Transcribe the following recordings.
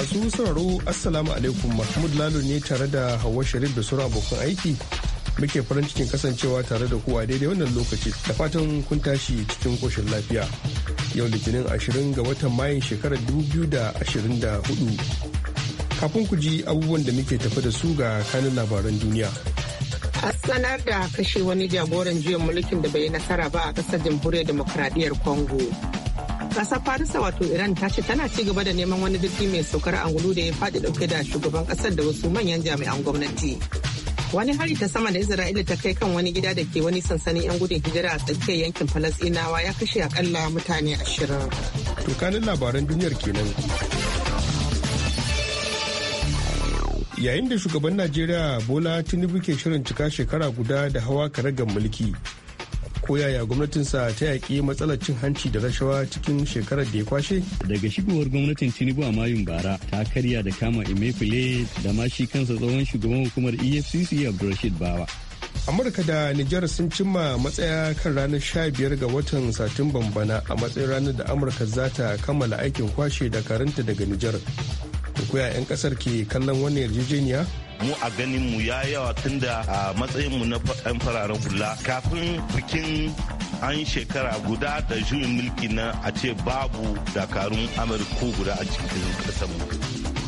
Masu sauraro Assalamu alaikum Mahmud Lalo ne tare da Hauwa Sharif da sura abokan aiki muke farin cikin kasancewa tare da kuwa daidai wannan lokaci da fatan kun tashi cikin koshin lafiya. Yau Litinin ashirin ga watan Mayun shekarar dubu biyu da da ashirin hudu Kafin ku ji abubuwan da muke tafi da su ga kanin labaran duniya. a sanar da kashe wani jagoran juyin mulkin da bai yi nasara ba a ƙasar jamhuriyar demokradiyyar Congo. Ƙasar Farisa wato Iran ta ce tana ci gaba da neman wani jirgi mai saukar angulu da ya faɗi dauke da shugaban kasar da wasu manyan jami'an gwamnati. Wani hari ta sama da Isra'ila ta kai kan wani gida da ke wani sansanin 'yan gudun hijira a tsakiyar yankin Falasɗinawa ya kashe akalla mutane ashirin. Tukanin labaran duniyar kenan. Yayin da shugaban Najeriya Bola Tinubu ke shirin cika shekara guda da hawa karagar mulki. ko yaya gwamnatinsa ta yaƙi matsalar cin hanci da rashawa cikin shekarar da ya kwashe? Daga shigowar gwamnatin Tinubu a Mayun bara ta karya da kama Emefiele da ma shi kansa tsohon shugaban hukumar EFCC Abdulrashid Bawa. Amurka da Nijar sun cimma matsaya kan ranar 15 ga watan Satumban bana a matsayin ranar da Amurka za ta kammala aikin kwashe da karanta daga Nijar. Ko 'yan kasar ke kallon wannan yarjejeniya? mu a ganin mu ya yawa tunda a matsayin mu na ɗan fararen hula kafin bikin an shekara guda da juyin mulki na a ce babu dakarun amurka guda a cikin ƙasar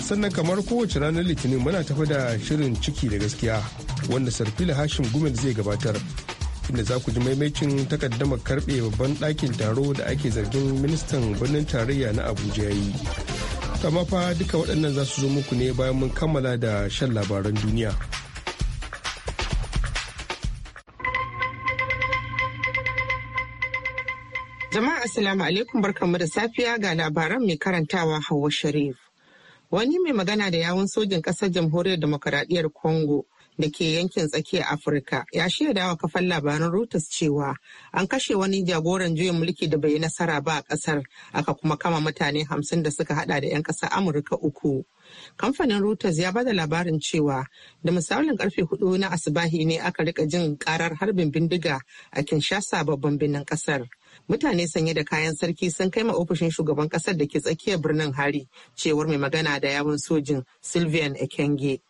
sannan kamar kowace ranar litinin muna tafi da shirin ciki da gaskiya wanda sarfila hashim gumel zai gabatar inda za ku ji maimacin takaddama karbe babban ɗakin taro da ake zargin ministan birnin tarayya na abuja yi kamafa fa duka waɗannan za su zo muku ne bayan mun kammala da shan labaran duniya. Jama'a Assalamu alaikum barkanmu da safiya ga labaran mai karantawa Hauwa Sharif. Wani mai magana da yawun sojin ƙasar jamhuriyar demokradiyyar Congo da ke yankin tsakiyar Afirka ya shaida wa kafan labaran Reuters cewa an kashe wani jagoran juyin mulki da bai yi nasara ba a kasar aka kuma kama mutane hamsin da suka hada da 'yan kasar Amurka uku. Kamfanin Reuters ya bada labarin cewa da misalin karfe hudu na asibahi ne aka rika jin karar harbin bindiga a Kinshasa babban birnin kasar. mutane sanye da kayan sarki sun kai ma ofishin shugaban kasar da ke tsakiyar birnin hari cewar mai magana da yawon sojin sylvian ekenge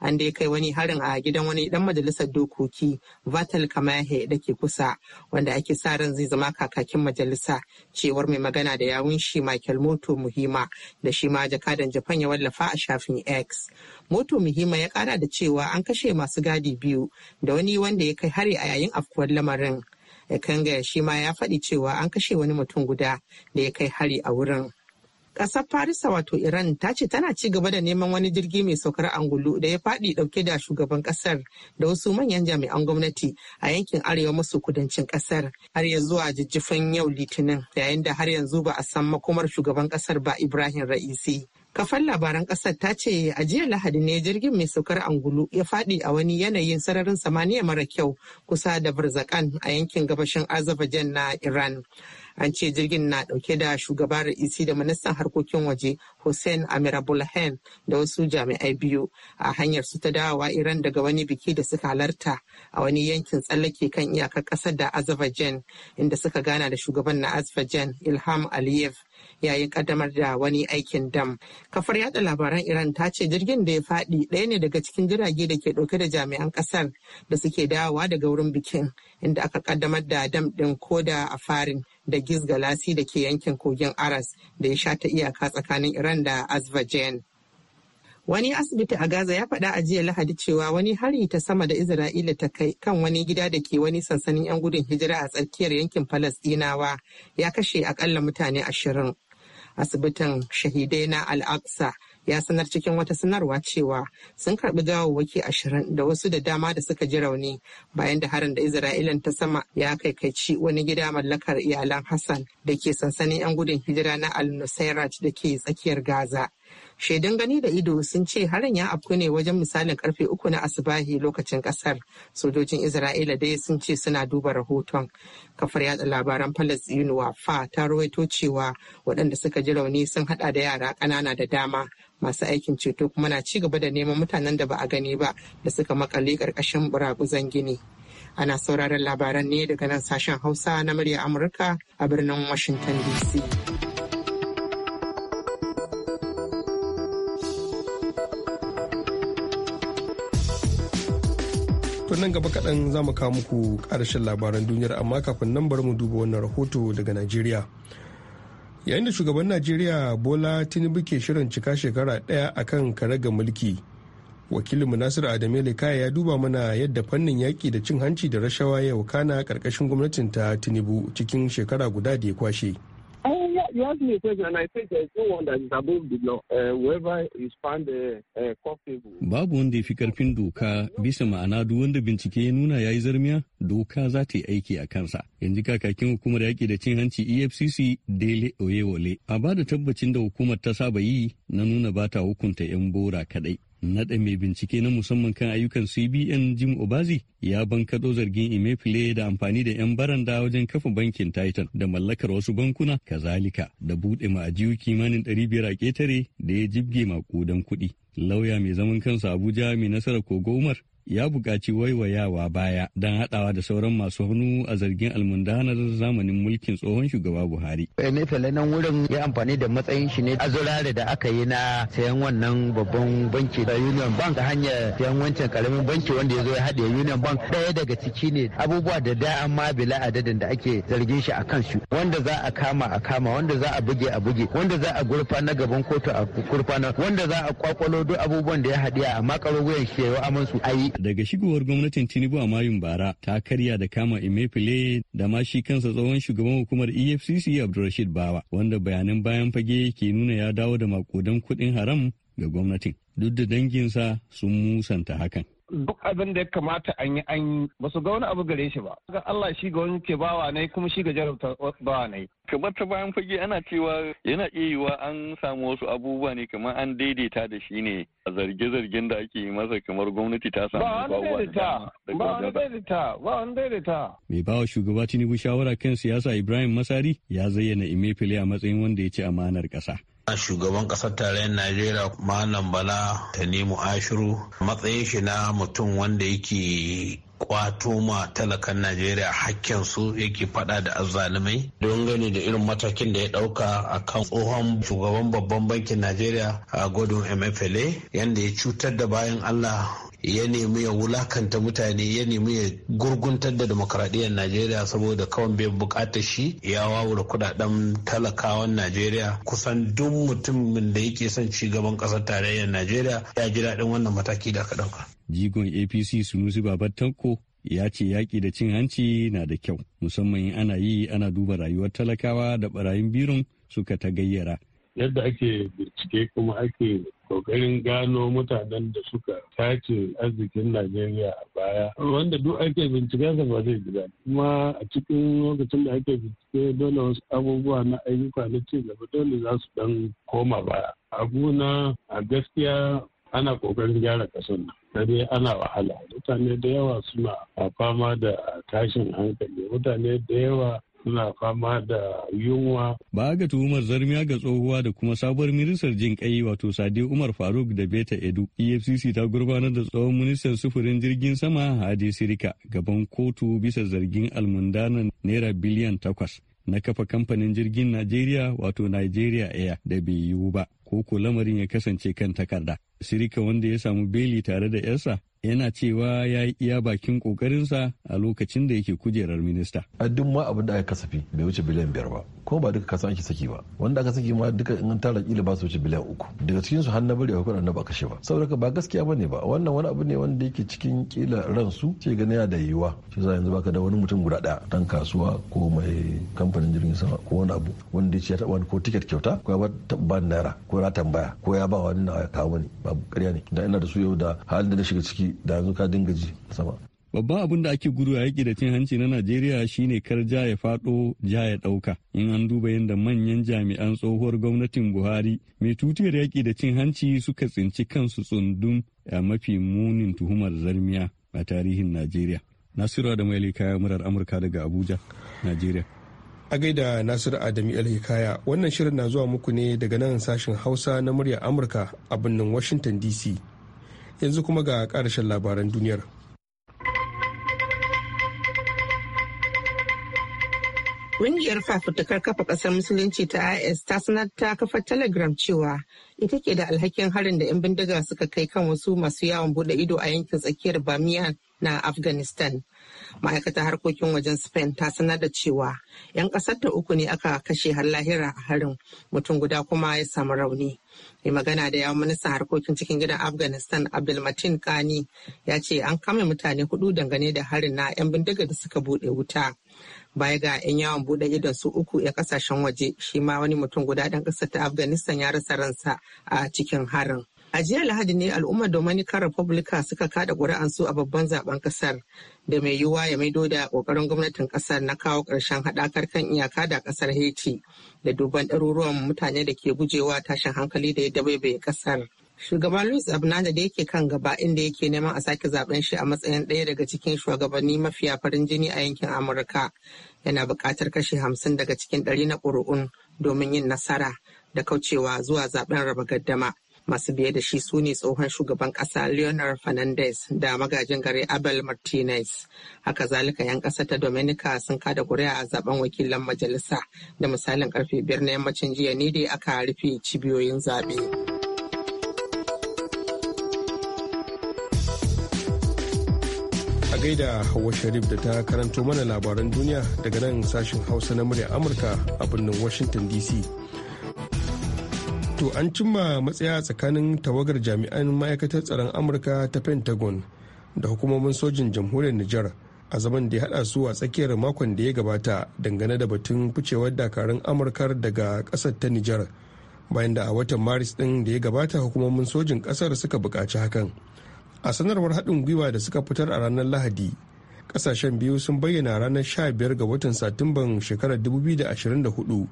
an dai kai wani harin a gidan wani dan majalisar dokoki vatal kamahe da ke kusa wanda ake sa ran zai zama kakakin majalisa cewar mai magana da yawun shi michael moto muhima da shi ma jakadan japan ya wallafa a shafin x moto muhima ya kara da cewa an kashe masu gadi biyu da wani wanda ya kai hari a yayin afkuwar lamarin Ekanga shi ma ya faɗi cewa an kashe wani mutum guda da ya kai hari a wurin. Kasar Farisa wato Iran ta ce tana ci gaba da neman wani jirgi mai saukar angulu da ya fadi dauke da shugaban kasar da wasu manyan jami'an gwamnati a yankin arewa maso kudancin kasar. har ya zuwa jijjifin yau litinin yayin da har yanzu ba a san makomar shugaban kasar ba Ibrahim Ra'isi. Kafan labaran ƙasar ta ce a jiya Lahadi ne jirgin mai saukar angulu ya fadi a wani yanayin sararin samaniya mara kyau kusa da Barzakan a yankin gabashin Azerbaijan na Iran. an ce jirgin na dauke da shugaban ra'isi da ministan harkokin waje hussein Amir abulhain da wasu jami'ai biyu a hanyar su ta dawowa iran daga wani biki da suka halarta a wani yankin tsallake kan iyakar kasar da azerbaijan inda suka gana da shugaban na azerbaijan ilham aliyev yayin kaddamar da wani aikin dam. Kafar yada labaran Iran ta ce jirgin da ya faɗi ɗaya ne daga cikin jirage da ke ɗauke da jami'an ƙasar da suke dawowa daga wurin bikin inda aka kaddamar da dam ɗin koda a farin da gizgalasi da ke yankin kogin Aras da ya sha ta iyaka tsakanin Iran da Azerbaijan. Wani asibiti a Gaza ya faɗa a jiya Lahadi cewa wani hari ta sama da Isra'ila ta kai kan wani gida da ke wani sansanin 'yan gudun hijira a tsakiyar yankin Falasɗinawa ya kashe akalla mutane ashirin. asibitin shahidai na al ya sanar cikin wata sanarwa cewa sun karbi gawawwaki ashirin da wasu da dama da suka ji rauni bayan da harin da isra'ilan ta sama ya kai kaici wani gida mallakar iyalan hassan da ke sansanin 'yan gudun hijira na al-nusairat da ke tsakiyar gaza Shaidan gani da ido sun ce harin ya afku ne wajen misalin karfe uku na asibahi lokacin kasar. Sojojin Isra'ila dai sun ce suna duba rahoton. Kafar yada labaran Falasɗinu Wafa ta rawaito cewa waɗanda suka ji rauni sun hada da yara ƙanana da dama. Masu aikin ceto kuma na ci gaba da neman mutanen da ba a gani ba da suka makale ƙarƙashin buraguzan gini. Ana sauraron labaran ne daga nan sashen Hausa na murya Amurka a birnin Washington DC. To nan gaba kaɗan za mu kawo muku ƙarashin labaran duniyar amma kafin nan bari mu duba wannan rahoto daga Najeriya. Yayin da shugaban Najeriya Bola Tinubu ke shirin cika shekara ɗaya a kan kare ga mulki. Wakilinmu Nasiru Adamele Kaya ya duba mana yadda fannin yaƙi da cin hanci da rashawa ya wakana ƙarƙashin gwamnatin ta Tinubu cikin shekara guda da ya kwashe. you asked me a question, and I said is no one that is above the law. Uh, whoever is found uh, uh, culpable. Babu wanda ya fi karfin doka bisa ma'ana duk wanda bincike ya nuna ya yi zarmiya doka za ta yi aiki a kansa. Yanzu kakakin hukumar yaƙi da cin hanci EFCC Dele Oyewole. A ba da tabbacin da hukumar ta saba yi na nuna ba ta hukunta 'yan bora kaɗai. naɗa mai bincike na musamman kan ayyukan cbn jim obazi ya bankaɗo zargin imefile da amfani da 'yan baranda wajen kafa bankin titan da mallakar wasu bankuna kazalika da buɗe ma'ajiyu kimanin 500 a ketare da ya jibge makudan kuɗi lauya mai zaman kansa abuja mai nasarar kogo umar ya buƙaci waiwayawa baya don haɗawa da sauran masu hannu a zargin almundanar zamanin mulkin tsohon shugaba Buhari. Emefiele eh, nan wurin ya amfani da matsayin shi ne azurare da aka yi na sayan wannan babban banki da Union Bank ta hanyar sayan wancan karamin banki wanda ya zo ya haɗe Union Bank ɗaya daga ciki ne abubuwa da da ma bila adadin da ake zargin shi a kansu wanda za a kama a kama wanda za a buge a buge wanda za a gurfa na gaban kotu a gurfa wanda za a kwakwalo duk abubuwan da ya haɗe a makaro wuyan shi ya amansu a yi daga shigowar gwamnatin Tinubu a Mayun bara ta karya da kama Emefiele da ma shi kansa tsohon shugaban hukumar EFCC Abdulrashid Bawa wanda bayanan bayan fage ke nuna ya dawo da makudan kuɗin haram ga gwamnatin. Duk da danginsa sun musanta hakan. duk abin da ya kamata an yi an yi ba su ga wani abu gare shi ba ga Allah shi ga wani ke bawa ne kuma shi ga jarabta bawa ne kamar ta bayan fage ana cewa yana iya yiwa an samu wasu abubuwa ne kamar an daidaita da shi ne a zarge-zargen da ake yi masa kamar gwamnati ta samu ba wani daidaita ba wani daidaita ba wani daidaita mai bawa shugaba tinubu shawara kan siyasa ibrahim masari ya zayyana imefile a matsayin wanda ya ce amanar ƙasa a shugaban ƙasar tarayyar najeriya malam bala tanimu ashiru matsayin shi na mutum wanda yake kwato ma talakan najeriya hakkin su yake fada da azzalumai don gani da irin matakin da ya dauka a kan tsohon shugaban babban bankin najeriya a godon mfla yadda ya cutar da bayan allah ya nemi ya wulakanta mutane ya nemi ya gurguntar da demokradiyyar najeriya saboda kawai bai bukatar shi ya wawura kudaden talakawan najeriya kusan duk mutumin da yake son ci gaban kasar tarayyar najeriya ya ji daɗin wannan mataki da aka ɗauka jigon apc sunusi babar tanko ya ce yaƙi da cin hanci na da kyau musamman in ana yi ana duba rayuwar talakawa da barayin birin suka ta gayyara yadda ake bincike kuma ake kokarin gano mutanen da suka tace arzikin Najeriya a baya wanda duk ake sa ba zai gida kuma a cikin lokacin da ake bincike dole wasu abubuwa na ayyuka na ci gaba dole za su dan koma baya abuna a gaskiya ana kokarin gyara kasan nan dare ana wahala mutane da yawa suna fama da tashin hankali mutane da yawa suna fama da yunwa. Ba ga tuhumar zarmiya ga tsohuwa da kuma sabuwar ministar jin kai wato Sadi Umar Faruk da Beta Edu. EFCC ta gurbanar da tsohon ministan sufurin jirgin sama Hadi Sirika gaban kotu bisa zargin almundana naira biliyan takwas. na kafa kamfanin jirgin Najeriya wato Nigeria Air da bai yiwu ba ko ko lamarin ya kasance kan takarda. Sirika wanda ya samu beli tare da 'yarsa yana cewa ya yi iya bakin kokarinsa a lokacin da yake kujerar minista. A duk ma abin da aka kasafi bai wuce biliyan biyar ba, ko ba duka kasan ake saki ba. Wanda aka saki ma duka in tara kila ba su wuce biliyan uku. Daga cikin su har na bari akwai na ba kashe ba. Saboda ba gaskiya bane ba, wannan wani abu ne wanda yake cikin kila ransu ce gani yana da yiwuwa. Shi yasa yanzu baka da wani mutum guda ɗaya dan kasuwa ko mai kamfanin jirgin sama ko wani abu wanda ya ce ya ko tiket kyauta ko ya ba naira ko ya tambaya ko ya ba wani na kawo ba abu ƙarya ne da ina da su yau da halin da na shiga ciki da yanzu ka dinga ji sama babban abin da ake gudu a yaƙi da cin hanci na najeriya shine kar ja ya faɗo ja ya ɗauka in an duba yadda manyan jami'an tsohuwar gwamnatin buhari mai tutiyar yaƙi da cin hanci suka tsinci kansu tsundun a mafi munin tuhumar zarmiya a tarihin najeriya nasiru da ya kayan murar amurka daga abuja najeriya A gaida Nasiru Adamu Alhikaya wannan shirin na zuwa muku ne daga nan sashen Hausa na muryar Amurka a birnin Washington DC. Yanzu kuma ga karshen labaran duniyar. Ƙungiyar fafutukar kafa ƙasar Musulunci ta IS ta sanar ta kafa Telegram cewa ita ke da alhakin harin da 'yan bindiga suka kai kan wasu masu yawon bude ido a yankin tsakiyar Bamiyan na afghanistan ma'aikatar harkokin wajen spain ta sanar da cewa 'yan ƙasar ta uku ne aka kashe har lahira a harin mutum guda kuma ya samu rauni mai magana da yawon ministan harkokin cikin gidan afghanistan abdulmatin kani ya ce an kama mutane hudu dangane da harin na 'yan bindiga da suka bude wuta baya ga 'yan yawon bude idon su uku ya kasashen waje shi ma wani mutum guda ɗan ƙasar ta afghanistan ya rasa ransa a cikin harin A jiya Lahadi ne al'ummar Dominican Republica suka kada su a babban zaben ƙasar da mai yiwuwa ya maido da ƙoƙarin gwamnatin ƙasar na kawo ƙarshen haɗakar kan iyaka da kasar Haiti da duban ɗaruruwan mutane da ke gujewa tashin hankali da ya dabaibaye kasar. Shugaban Luis Abinanda da yake kan gaba inda yake neman a sake zaben shi a matsayin ɗaya daga cikin shugabanni mafiya farin jini a yankin Amurka yana buƙatar kashe hamsin daga cikin ɗari na ƙuri'un domin yin nasara da kaucewa zuwa zaben raba gaddama. masu biye da shi su ne tsohon shugaban ƙasa leonard fernandez da magajin gari abel martinez haka zalika 'yan ƙasa ta dominica sun kada kuri'a a zaben wakilan majalisa da misalin karfe biyar na yammacin jiya ne dai aka rufe cibiyoyin zaɓe. a gaida Hauwa Sharif da ta karanto mana labaran duniya daga nan sashen Hausa na murya Amurka a birnin Washington DC. to an cimma matsaya tsakanin tawagar jami'an ma'aikatar tsaron amurka ta pentagon da hukumomin sojin jamhuriyar nijar a zaman da ya hada su a tsakiyar makon da ya gabata dangane da batun ficewar dakarun amurkar daga kasar ta nijar bayan da a watan maris din da ya gabata hukumomin sojin kasar suka buƙaci hakan a sanarwar haɗin gwiwa da suka fitar a ranar lahadi ƙasashen biyu sun bayyana ranar 15 ga watan satumban shekarar 2024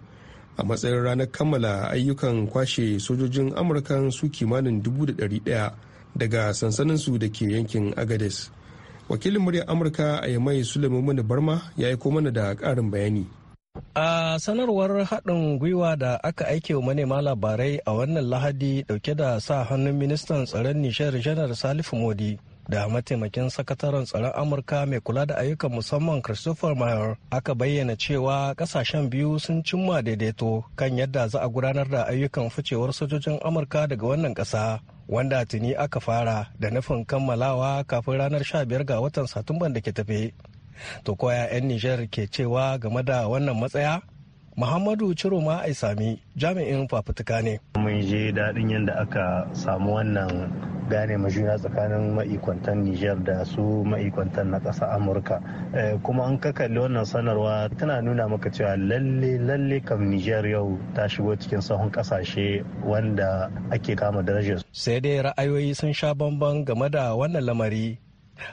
a matsayin ranar kammala ayyukan kwashe sojojin amurkan su kimanin 1,100 daga sansaninsu da ke yankin agades wakilin muryar amurka a yamai suleiman barma ya aiko mana da ƙarin bayani A sanarwar haɗin gwiwa da aka aike wa manema labarai a wannan lahadi ɗauke da sa hannun ministan tsaron nishar janar Salifu Modi da mataimakin sakataren tsaron amurka mai kula da ayyukan musamman christopher mayer aka bayyana cewa kasashen biyu sun cimma daidaito kan yadda za a gudanar da ayyukan ficewar sojojin amurka daga wannan ƙasa wanda tuni aka fara da nufin kammalawa kafin ranar sha biyar ga watan satumban da ke tafe to koya 'yan nijar ke cewa game da wannan matsaya Muhammadu Ciroma Aisami jami'in fafutuka ne. Mun je daɗin yadda aka samu wannan gane majuna tsakanin ma'ikwantan niger da su ma'ikwantan na ƙasa amurka eh, kuma an ka kalli wannan sanarwa tana nuna maka cewa lalle lalle kam niger yau ta shigo cikin sahun ƙasashe wanda ake kama darajar sai dai ra'ayoyi sun sha bamban game da wannan lamari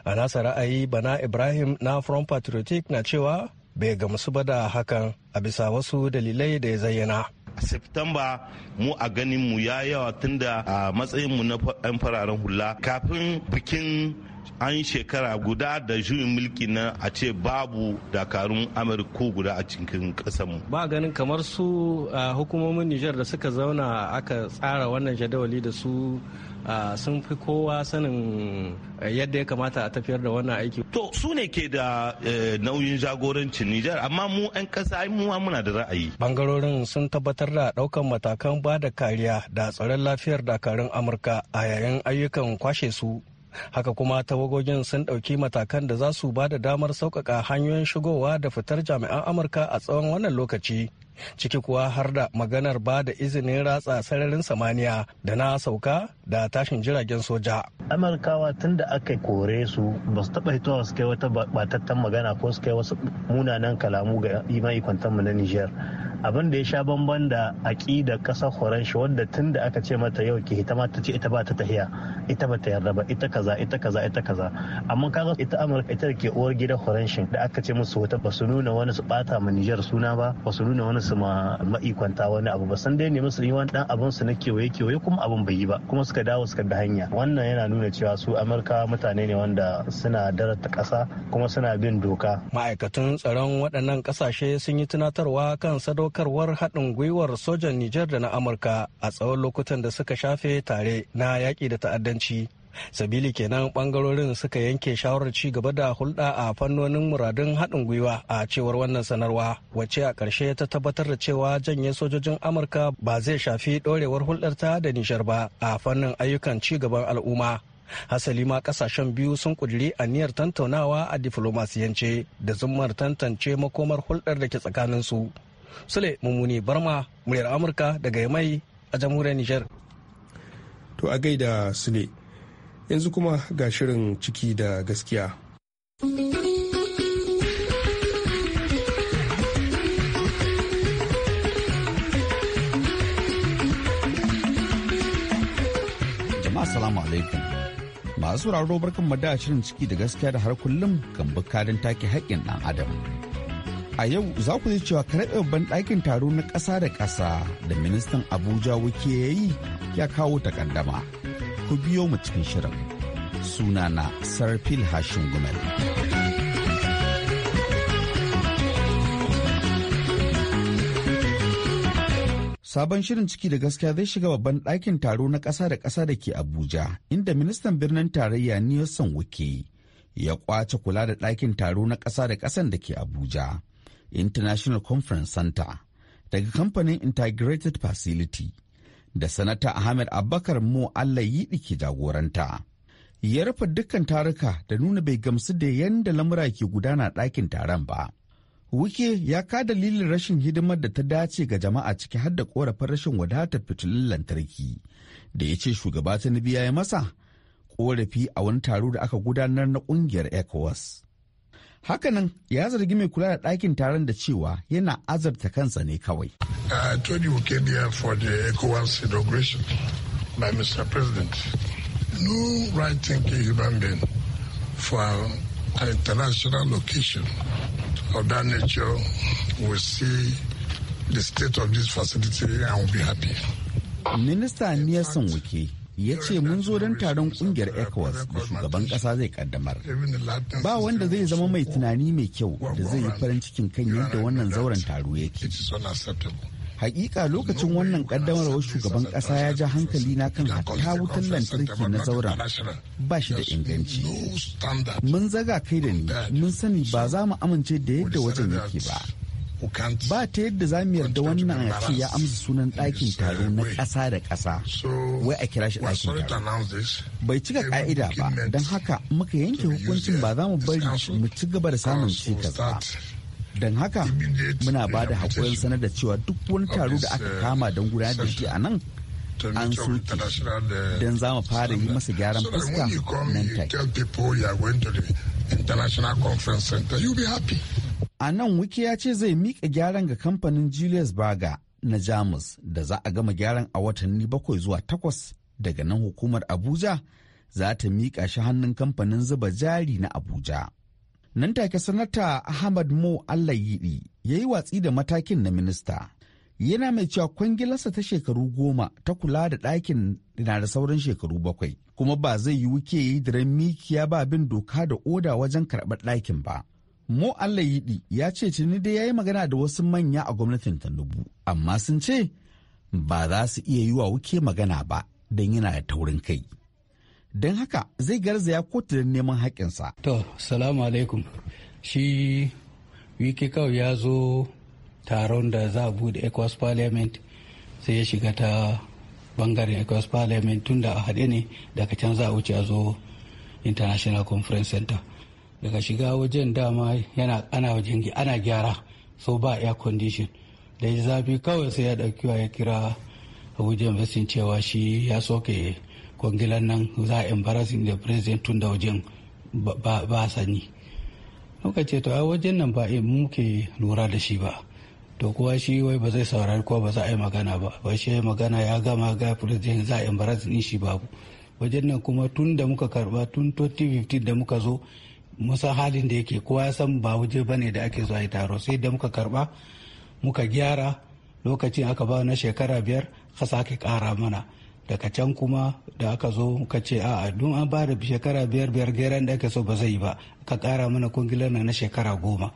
a nasa ra'ayi bana ibrahim na from patriotic na cewa bai gamsu ba da hakan a bisa wasu dalilai da ya zayyana a september mu a ganin mu ya yawa tunda a matsayin mu na 'yan fararen hula kafin bikin an shekara guda da juyin mulki na a ce babu dakarun amurka guda a cikin mu. ba ganin kamar su hukumomin nijar da suka zauna aka tsara wannan jadawali da su sun fi kowa sanin eh, yadda ya kamata a tafiyar da wannan aiki to su ne ke da eh, nauyin jagorancin nijar amma mu 'yan kasa mu mu muna da ra'ayi bangarorin sun tabbatar da daukan matakan ba da kariya da tsaron lafiyar dakarun amurka a yayin ayyukan kwashe su haka kuma tawagogin sun ɗauki matakan da za su ba da damar sauƙaƙa hanyoyin shigowa da fitar jami'an amurka a tsawon wannan lokaci ciki kuwa har da maganar ba da izinin ratsa sararin samaniya da na sauka da tashin jiragen soja. Amurkawa tun da aka kore su ba su taɓa hitowa su kai wata batattan magana ko su kai wasu munanan kalamu ga imai mu na Nijar. abin da ya sha bamban da aƙida ƙasar shi wadda tun da aka ce mata yau ke hita mata ta ce ita ba ta tahiya ita ba ta yarda ba ita kaza ita kaza ita kaza amma kaga ita amurka ita da ke uwar gidan shi da aka ce musu wata ba su nuna wani su bata ma nijar suna ba ba su nuna wani su ma ma'ikwanta wani abu ba san dai ne musu yi wani dan abin su na kewaye kewaye kuma abun bai yi ba kuma suka dawo suka da hanya wannan yana nuna cewa su amurka mutane ne wanda suna darata kasa kuma suna bin doka ma'aikatan tsaron waɗannan ƙasashe sun yi tunatarwa kan sadaukarwar haɗin gwiwar sojan nijar da na amurka a tsawon lokutan da suka shafe tare na yaƙi da ta'addanci sabili kenan bangarorin suka yanke shawarar ci gaba da hulɗa a fannonin muradun haɗin gwiwa a cewar wannan sanarwa wacce a ƙarshe ta tabbatar da cewa janye sojojin amurka ba zai shafi ɗorewar hulɗarta da nishar ba a fannin ayyukan ci gaban al'umma hasali ma kasashen biyu sun kuduri aniyar tantaunawa a diflomasiyance da zummar tantance makomar hulɗar da ke su sule mummuni barma muryar amurka daga mai a jamhuriyar nijar. to a gaida sule yanzu kuma ga shirin ciki da gaskiya jama'a salamu alaikum masu sauraro barkan da shirin ciki da gaskiya da har kullum kan bukadin take haƙƙin ɗan adam a yau za ku ji cewa karɓe babban ɗakin taro na ƙasa da ƙasa da ministan abuja wuke ya yi ya kawo takaddama ku biyo mu cikin shirin. Sunana Sarfil Hashin Gumel. Sabon shirin ciki da gaskiya zai shiga babban ɗakin taro na ƙasa da ƙasa da ke Abuja, inda ministan birnin tarayya Nielsen wuke ya kwace kula da ɗakin taro na ƙasa da ƙasan da ke Abuja, International Conference Center, daga kamfanin Integrated Facility. da sanata Ahmed Abubakar mu Allah yi ɗiki jagoranta. Ya rufe dukkan taruka da nuna bai gamsu da yadda lamura ke gudana ɗakin taron ba. Wuke ya ka dalilin rashin hidimar da ta dace ga jama'a ciki har da korafin rashin wadatar fitilun lantarki da ya ce shugaba biya ya yi masa korafi a wani taro da aka gudanar na ƙungiyar ECOWAS. Hakanan ya zargi mai kula da ɗakin taron da cewa yana azarta kansa ne kawai. I told you came here for the ECOWAS inauguration by Mr. President. No right thinking human being for an international location of that nature will see the state of this facility and will be happy. Minista Nielsen Wike ya ce mun zo don taron kungiyar ecowas da shugaban kasa zai kaddamar ba wanda zai zama mai tunani mai kyau da zai yi farin cikin kan yadda wannan zauren taro yake hakika lokacin wannan kaddamarwar shugaban kasa ya ja hankali na kan hatta wutan lantarki na zauren ba shi da inganci mun zaga kai da ni mun sani ba za mu amince da yadda wajen yake ba ba ta yadda za mu yarda wannan ake ya amsa sunan ɗakin taro na ƙasa da ƙasa wai a kira shi ɗakin taro bai cika ƙa'ida ba don haka muka yanke hukuncin ba za mu bari mu ci gaba da samun cikas ba don haka muna ba da haƙurin sanar da cewa duk wani taro da aka uh, kama don gudanar da shi a nan an soke uh, don za mu fara yi masa gyaran fuska nan take. a nan wiki ya ce zai miƙa gyaran ga kamfanin julius baga na jamus da za a gama gyaran a watanni bakwai zuwa takwas daga nan hukumar abuja za ta miƙa shi hannun kamfanin zuba jari na abuja nan take sanata ahmad mo allayiɗi ya yi watsi da matakin na minista yana mai cewa kwangilarsa ta shekaru goma ta kula da ɗakin na da sauran shekaru bakwai kuma ba zai yi wuke yi ran mikiya ba bin doka da oda wajen karɓar ɗakin ba Mo Allah Yiɗi ya ce tuni dai ya yi magana da wasu manya a gwamnatin Tanubu amma sun ce ba za su iya yi wa wuke magana ba don yana da taurin kai. Don haka zai garzaya kotu don neman haƙinsa. To, salamu alaikum. Shi wiki kawai ya zo taron da za a bude Ecos Parliament sai ya shiga ta bangaren Ecos Parliament tun da a haɗe ne daga can za a wuce a zo International Conference Center. daga shiga wajen dama yana ana wajen ana gyara so ba air condition da ya zafi kawai sai ya dauki ya kira wajen basin cewa shi ya soke kwangilan nan za a embarrassing da president tun da wajen ba sani muka ce to a wajen nan ba eh muke lura da shi ba to kuwa shi wai ba zai saurari ko ba za a yi magana ba ba shi ya magana ya gama ga president za a embarrassing shi babu wajen nan kuma tun da muka karba tun 2015 da muka zo musa halin da yake kowa ya san ba waje ba ne da ake zuwa yi taro sai da muka karba muka gyara lokacin aka ba na shekara biyar ka sake kara mana daga can kuma da aka zo ka ce a don an ba da shekara biyar biyar geran da ake so ba zai yi ba ka kara mana kungilar na shekara goma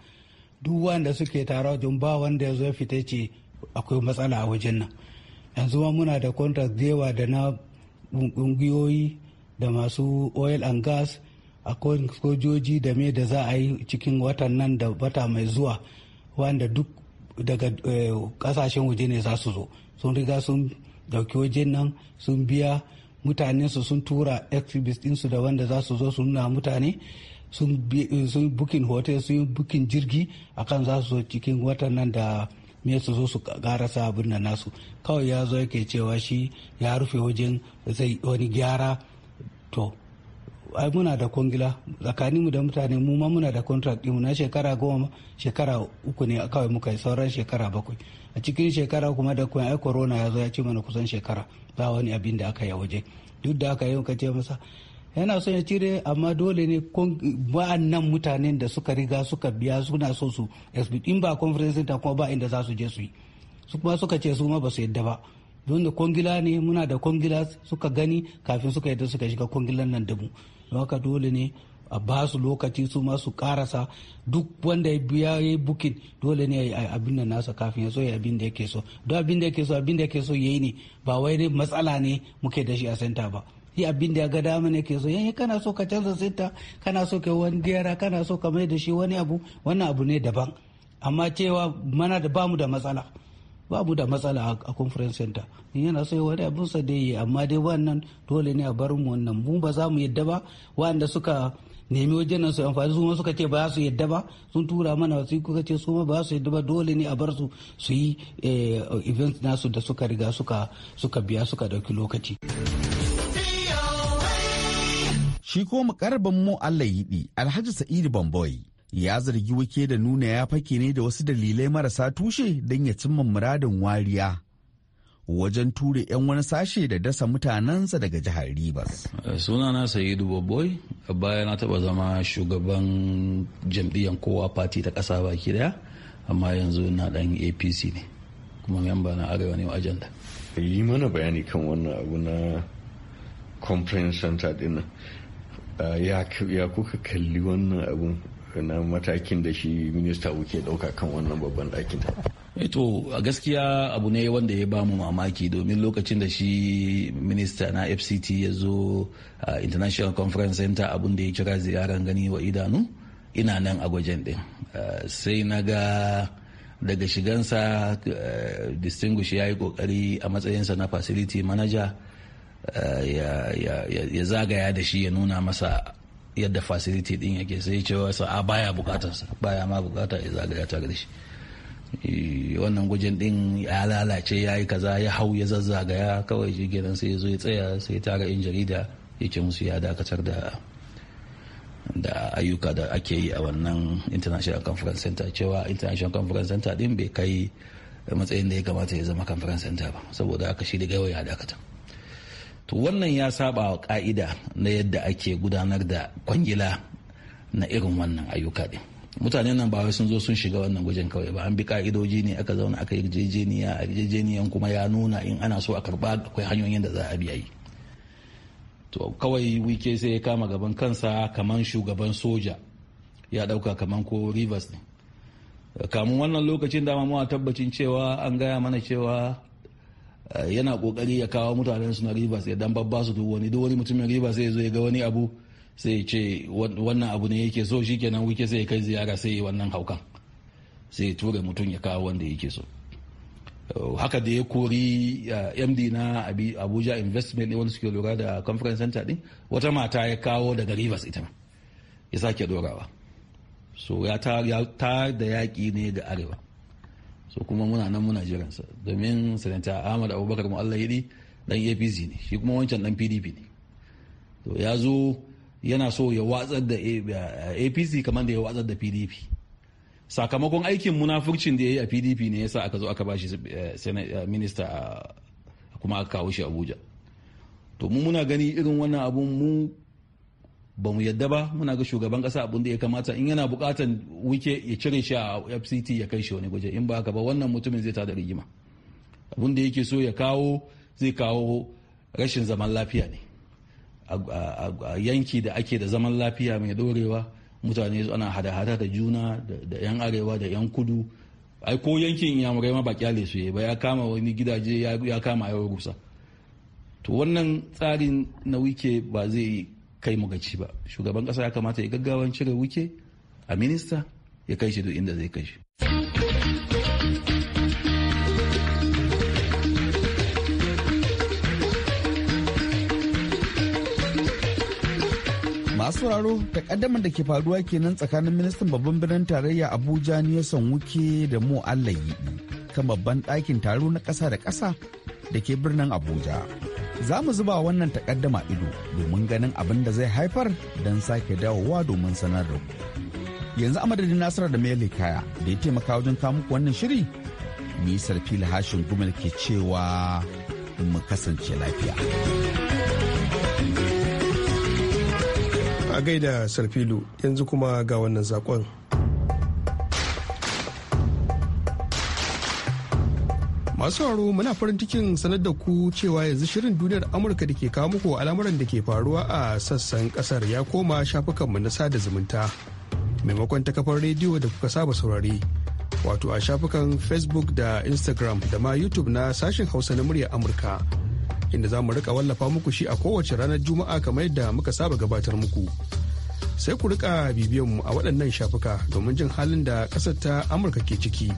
duk wanda suke taro don ba wanda ya zo ya fita ce akwai matsala a wajen nan yanzu ma muna da contract da yawa da na ƙungiyoyi da masu oil and gas akwai sojoji da me da za a yi cikin watan nan da wata mai zuwa wanda duk daga kasashen eh, waje ne za su zo sun riga sun dauki waje nan sun biya mutane su sun tura exhibits su da wanda za su zo su nuna mutane sun bukin eh, hotel sun yi bukin jirgi akan za su zo cikin watan nan da me su zo su karasa abin da nasu kawai ya zo yake cewa shi ya rufe wajen zai wani gyara to ai muna da kwangila tsakaninmu da mutane mu ma muna da contract ɗinmu na shekara goma shekara uku ne kawai muka yi sauran shekara bakwai a cikin shekara kuma da kuma ai corona ya zo ya ci mana kusan shekara ba wani abin da aka yi waje duk da aka yi ka ce masa yana son ya cire amma dole ne wa'annan mutanen da suka riga suka biya suna so su in ba conference center kuma ba inda za su je su yi su kuma suka ce su ma ba su yadda ba don da kwangila ne muna da kwangila suka gani kafin suka yadda suka shiga kwangilan nan da haka dole ne a ba su lokaci su ma su karasa duk wanda ya biya yi bukin dole ne ya yi abin da nasa kafin ya so ya abin da yake so don abin da yake so abin da yake so ya yi ne ba wai ne matsala ne muke da shi a senta ba yi abin da ya ga dama ne ke so yayi eh, kana so ka canza senta kana so ka wani gyara kana so ka mai da shi wani abu wannan abu ne daban amma cewa mana da bamu da matsala babu da matsala a conference center yana sai wani abin sa dai amma dai wannan dole ne a bar mu wannan mu ba za mu yadda ba wanda suka nemi wajen nan su amfani su suka ce ba su yadda ba sun tura mana wasu kuka ce su ma ba su yadda ba dole ne a bar su su yi eh, events nasu da suka riga suka suka biya suka dauki lokaci shi ko karban mu Allah yi bi Alhaji Sa'idu Bamboyi ya zargi wake da nuna ya fake ne da wasu dalilai marasa tushe don ya cimma muradin wariya wajen ture 'yan wani sashe da dasa mutanensa daga jihar Rivers. Sunana Sayidu a baya na taba zama shugaban jam'iyyar kowa fati ta ƙasa baki daya, amma yanzu na ɗan APC ne, kuma memba na arewa ne ajanda. Yi mana bayani kan wannan abu na conference center din ya kuka kalli wannan abun na matakin da shi minista wuke ɗauka kan wannan babban ɗakin. Eh to a gaskiya abu ne wanda ya bamu mamaki domin lokacin da shi minista na fct ya zo a international conference center abun da ya kira ziyarar gani wa idanu ina nan a gwajen ɗin eh, sai na ga daga shigansa eh, distinguish ya yi kokari a matsayinsa na facility manager ya zagaya da shi ya nuna masa yadda facility din yake sai ya ce sa a baya sa baya ma bukata ya zagaya ta gare shi eh, wannan gujin din ya lalace ya yi kaza ya hau ya zazzagaya kawai shi gidan sai ya zo ya tsaya sai ya tara yan jarida ya ce musu ya dakatar da da ayyuka da ake yi a wannan international conference center cewa international conference center din bai kai matsayin da ya kamata ya zama conference center ba saboda aka shi da yau ya dakatar to wannan ya saba wa ka'ida na yadda ake gudanar da kwangila na irin wannan ayyuka din mutanen nan ba wai sun zo sun shiga wannan gwajin kawai ba an bi ka'idoji ne aka zauna aka yarjejeniya a yarjejeniyan kuma ya nuna in ana so a karba akwai hanyoyin da za a biya yi to kawai wike sai ya kama gaban kansa kaman shugaban soja ya dauka kaman ko rivers ne kamun wannan lokacin dama mawa tabbacin cewa an gaya mana cewa Eh, yana kokari ya kawo mutanen suna na rivers ya dan babba su duk wani duk wani mutumin rivers sai ya zo ya ga wani abu sai ya ce wannan abu ne yake so shi kenan wike sai ya kai ziyara sai ya wannan haukan sai ya tura mutum ya kawo wanda yake so oh, haka da ya kori eh, md na abuja investment ne wanda suke lura da conference center din wata mata ya kawo daga rivers ita ya sake dorawa so ya ta da yaki ne ga arewa so kuma muna nan muna jiransa domin sanata ahmad abubakar mu allah yidi dan apc ne shi kuma wancan dan pdp ne to ya zo yana so ya watsar da apc eh, kamar da ya watsar da pdp sakamakon aikin munafurcin da ya yi a pdp ne yasa aka zo aka bashi eh, eh, minista kuma aka kawo shi abuja to mu muna gani irin wannan abun mu ba mu yadda ba muna ga shugaban kasa abin da ya kamata in yana bukatan wike ya cire shi a fct ya kai shi wani guje in ba haka ba wannan mutumin zai tada rigima abin da yake so ya kawo zai kawo rashin zaman lafiya ne a yanki da ake da zaman lafiya mai dorewa mutane ana hada-hada da juna da 'yan arewa da 'yan kudu ai ko yankin yamurai ma ba kyale su ba ya kama wani gidaje ya kama yawon rusa to wannan tsarin na wike ba zai kai mu ba shugaban kasa ya kamata ya gaggawan cire wuke a minista ya kai shi duk inda zai kai shi masu raro takaddamin da ke faruwa kenan tsakanin ministan babban birnin tarayya abuja ne nielsen wuke da mu allah yi kan babban dakin taro na ƙasa da ƙasa da ke birnin abuja za mu zuba wannan takaddama ido domin ganin abin da zai haifar don sake dawowa domin sanar da ku. Yanzu a madadin Nasiru da Mele Kaya da ya taimaka wajen muku wannan shiri, Nisar fili hashin gumel ke cewa mu kasance lafiya. A gaida Sarfilu yanzu kuma ga wannan saƙon. Masu sauraro muna farin cikin sanar da ku cewa yanzu shirin duniyar Amurka da ke kawo muku al'amuran da ke faruwa a sassan kasar ya koma shafukanmu na sada zumunta. Maimakon ta kafar rediyo da kuka saba saurari Wato a shafukan Facebook da Instagram da ma YouTube na sashen Hausa na murya Amurka. Inda za mu rika wallafa muku shi a kowace ranar Juma'a kamar yadda muka saba gabatar muku. sai ku rika bibiyanmu a waɗannan shafuka domin jin halin da ƙasar ta amurka ke ciki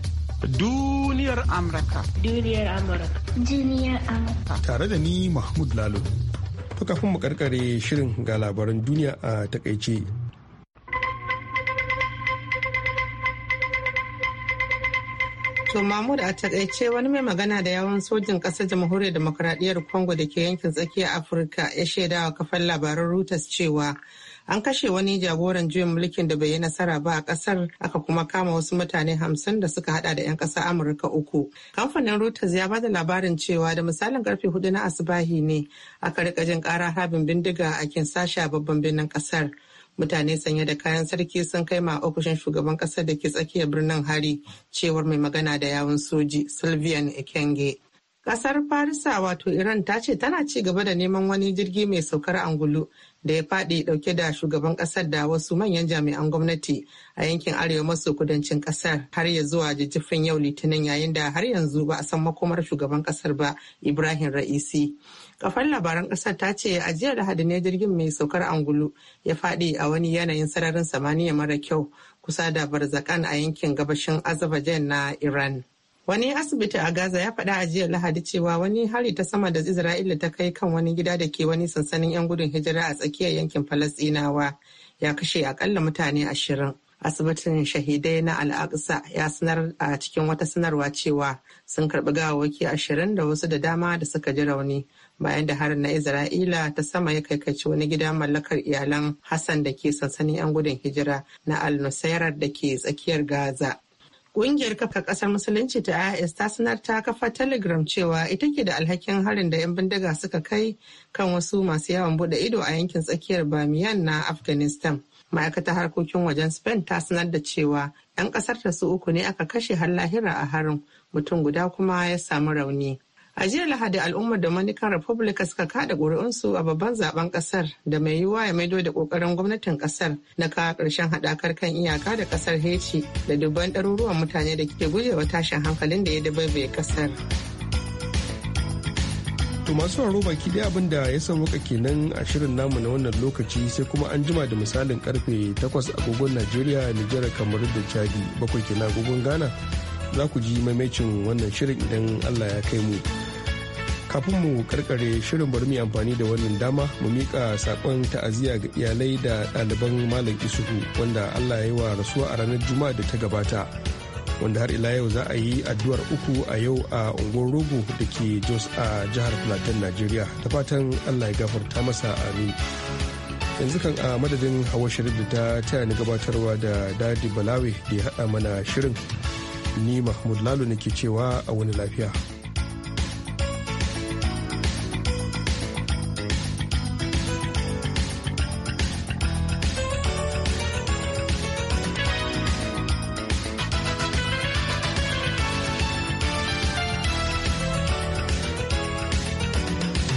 Duniyar Amurka. Duniyar Amurka. Duniyar Amurka. Tare da ni Mahmud Lalo. To kafin mu karkare shirin ga labaran duniya a takaice. To Mahmud a takaice wani mai magana da yawan sojin ƙasar jamhuriyar demokradiyyar Congo da ke yankin tsakiyar Afirka ya shaidawa kafan labaran Reuters cewa an kashe wani jagoran juyin mulkin da bai yi nasara ba a kasar aka kuma kama wasu mutane hamsin da suka hada da 'yan ƙasa amurka uku kamfanin reuters ya bada labarin cewa da misalin karfe hudu na asibahi ne aka rika jin kara harbin bindiga a a babban birnin ƙasar. mutane sanye da kayan sarki sun kai ma ofishin shugaban ƙasar da ke tsakiyar birnin hari cewar mai magana da yawun soji sylvian ekenge kasar farisa wato iran ta ce tana ci gaba da neman wani jirgi mai saukar angulu da ya faɗi ɗauke da shugaban ƙasar da wasu manyan jami'an gwamnati a yankin arewa maso kudancin ƙasar har ya zuwa jijjifin yau litinin yayin da har yanzu ba a san makomar shugaban ƙasar ba ibrahim ra'isi kafar labaran ƙasar ta ce a jiya lahadi ne jirgin mai saukar angulu ya faɗi a wani yanayin sararin samaniya mara kyau kusa da barzakan a yankin gabashin azerbaijan na iran Wani asibiti a Gaza ya faɗa a jiya Lahadi cewa wani hari ta sama da Isra'ila ta kai kan wani gida da ke wani sansanin 'yan gudun hijira a tsakiyar yankin Falasɗinawa ya kashe akalla mutane ashirin. Asibitin shahidai na Al-Aqsa ya sanar a cikin wata sanarwa cewa sun karɓi gawawwaki ashirin da wasu da dama da suka ji rauni bayan da harin na Isra'ila ta sama ya kai wani gida mallakar iyalan Hassan da ke sansanin 'yan gudun hijira na Al-Nusairar da ke tsakiyar Gaza. Ƙungiyar kafa ƙasar Musulunci ta IS ta sanar ta kafa Telegram cewa ita ke da alhakin harin da 'yan bindiga suka kai kan wasu masu yawan bude ido a yankin tsakiyar Bamiyan na Afghanistan. Ma'aikatar harkokin wajen Spain ta sanar da cewa 'yan kasar ta su uku ne aka kashe har lahira a harin mutum guda kuma ya samu rauni. A jiya Lahadi al'ummar Dominican Republic suka kada ƙuri'unsu a babban zaben ƙasar da mai yiwuwa ya maido da ƙoƙarin gwamnatin ƙasar na kawo ƙarshen haɗakar kan iyaka da kasar Haiti da dubban ɗaruruwan mutane da ke gujewa tashin hankalin da ya dabaibaye ƙasar. To masu haro baki dai abin da ya sauka kenan a shirin namu na wannan lokaci sai kuma an jima da misalin karfe 8 agogon Najeriya, Nijar, kamar da Chadi, bakwai kenan agogon Ghana. za ku ji maimacin wannan shirin idan allah ya kai mu kafin mu karkare shirin bari mu amfani da wannan dama mu mika saƙon ta'aziyya ga iyalai da ɗaliban malam isuhu wanda allah ya yi wa rasuwa a ranar juma'a da ta gabata wanda har ila yau za a yi addu'ar uku a yau a unguwar rogo da ke jos a jihar plateau najeriya ta fatan allah ya gafarta masa amin yanzu kan a madadin hawa shirin da ta taya ni gabatarwa da dadi balawe da ya haɗa mana shirin ni mahmud lalo ke cewa a wani lafiya